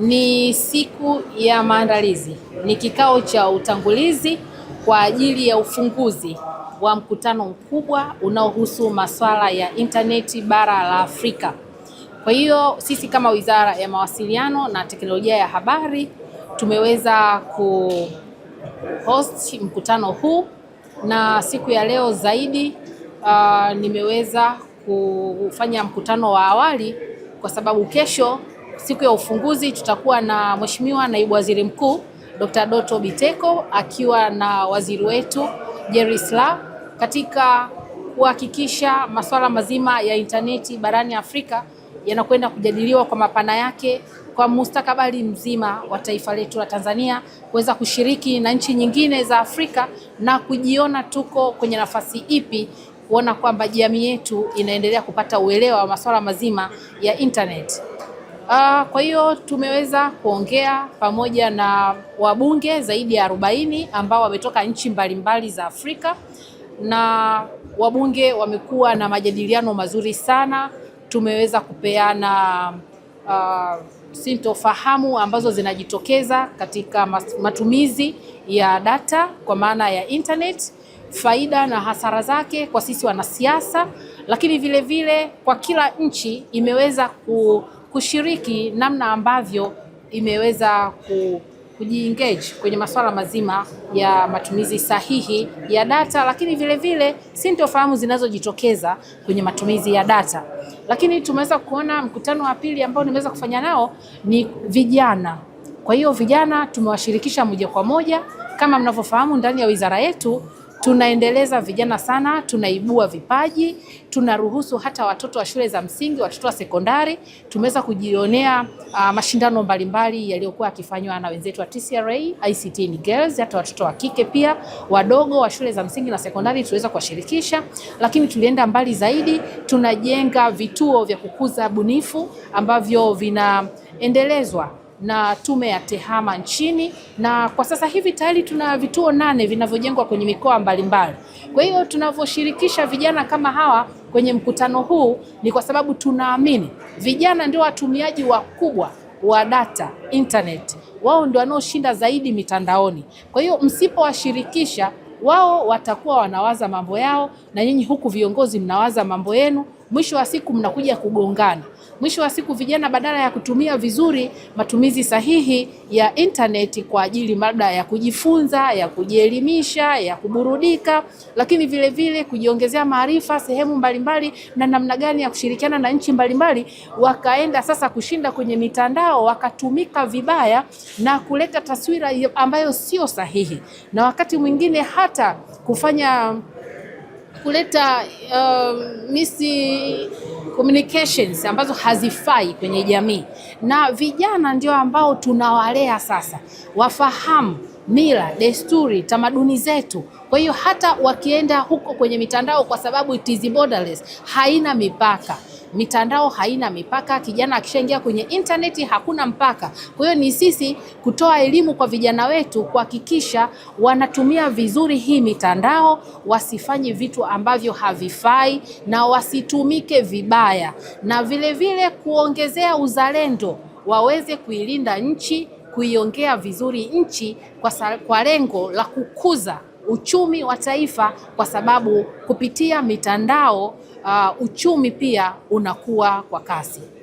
Ni siku ya maandalizi, ni kikao cha utangulizi kwa ajili ya ufunguzi wa mkutano mkubwa unaohusu masuala ya intaneti bara la Afrika. Kwa hiyo sisi kama Wizara ya Mawasiliano na Teknolojia ya Habari tumeweza host mkutano huu na siku ya leo zaidi, uh, nimeweza kufanya mkutano wa awali kwa sababu kesho siku ya ufunguzi tutakuwa na Mheshimiwa Naibu Waziri Mkuu Dr. Doto Biteko akiwa na waziri wetu Jerry Silaa katika kuhakikisha masuala mazima ya intaneti barani Afrika yanakwenda kujadiliwa kwa mapana yake kwa mustakabali mzima wa taifa letu la Tanzania kuweza kushiriki na nchi nyingine za Afrika na kujiona tuko kwenye nafasi ipi kuona kwamba jamii yetu inaendelea kupata uelewa wa masuala mazima ya intaneti. Uh, kwa hiyo tumeweza kuongea pamoja na wabunge zaidi ya arobaini ambao wametoka nchi mbalimbali za Afrika na wabunge wamekuwa na majadiliano mazuri sana. Tumeweza kupeana uh, sintofahamu ambazo zinajitokeza katika matumizi ya data kwa maana ya internet, faida na hasara zake kwa sisi wanasiasa, lakini vile vile kwa kila nchi imeweza ku kushiriki namna ambavyo imeweza ku kujiengage kwenye masuala mazima ya matumizi sahihi ya data, lakini vile vile sintofahamu zinazojitokeza kwenye matumizi ya data. Lakini tumeweza kuona mkutano wa pili ambao nimeweza kufanya nao ni vijana. Kwa hiyo vijana tumewashirikisha moja kwa moja, kama mnavyofahamu ndani ya wizara yetu tunaendeleza vijana sana, tunaibua vipaji, tunaruhusu hata watoto wa shule za msingi, watoto wa sekondari. Tumeweza kujionea uh, mashindano mbalimbali yaliyokuwa yakifanywa na wenzetu wa TCRA ICT ni Girls, hata watoto wa kike pia wadogo wa shule za msingi na sekondari tuliweza kuwashirikisha, lakini tulienda mbali zaidi, tunajenga vituo vya kukuza bunifu ambavyo vinaendelezwa na tume ya TEHAMA nchini, na kwa sasa hivi tayari tuna vituo nane vinavyojengwa kwenye mikoa mbalimbali. Kwa hiyo tunavyoshirikisha vijana kama hawa kwenye mkutano huu ni kwa sababu tunaamini vijana ndio watumiaji wakubwa wa data internet, wao ndio wanaoshinda zaidi mitandaoni. Kwa hiyo msipowashirikisha wao watakuwa wanawaza mambo yao, na nyinyi huku viongozi mnawaza mambo yenu, Mwisho wa siku mnakuja kugongana. Mwisho wa siku vijana badala ya kutumia vizuri matumizi sahihi ya intaneti kwa ajili labda ya kujifunza, ya kujielimisha, ya kuburudika, lakini vile vile kujiongezea maarifa sehemu mbalimbali na namna gani ya kushirikiana na nchi mbalimbali, wakaenda sasa kushinda kwenye mitandao, wakatumika vibaya na kuleta taswira ambayo sio sahihi, na wakati mwingine hata kufanya kuleta uh, um, misi communications ambazo hazifai kwenye jamii, na vijana ndio ambao tunawalea sasa wafahamu mila, desturi, tamaduni zetu. Kwa hiyo hata wakienda huko kwenye mitandao, kwa sababu it is borderless, haina mipaka mitandao haina mipaka. Kijana akishaingia kwenye intaneti hakuna mpaka. Kwa hiyo ni sisi kutoa elimu kwa vijana wetu kuhakikisha wanatumia vizuri hii mitandao, wasifanye vitu ambavyo havifai na wasitumike vibaya, na vilevile vile kuongezea uzalendo, waweze kuilinda nchi kuiongea vizuri nchi kwa, sa, kwa lengo la kukuza uchumi wa taifa kwa sababu kupitia mitandao uh, uchumi pia unakuwa kwa kasi.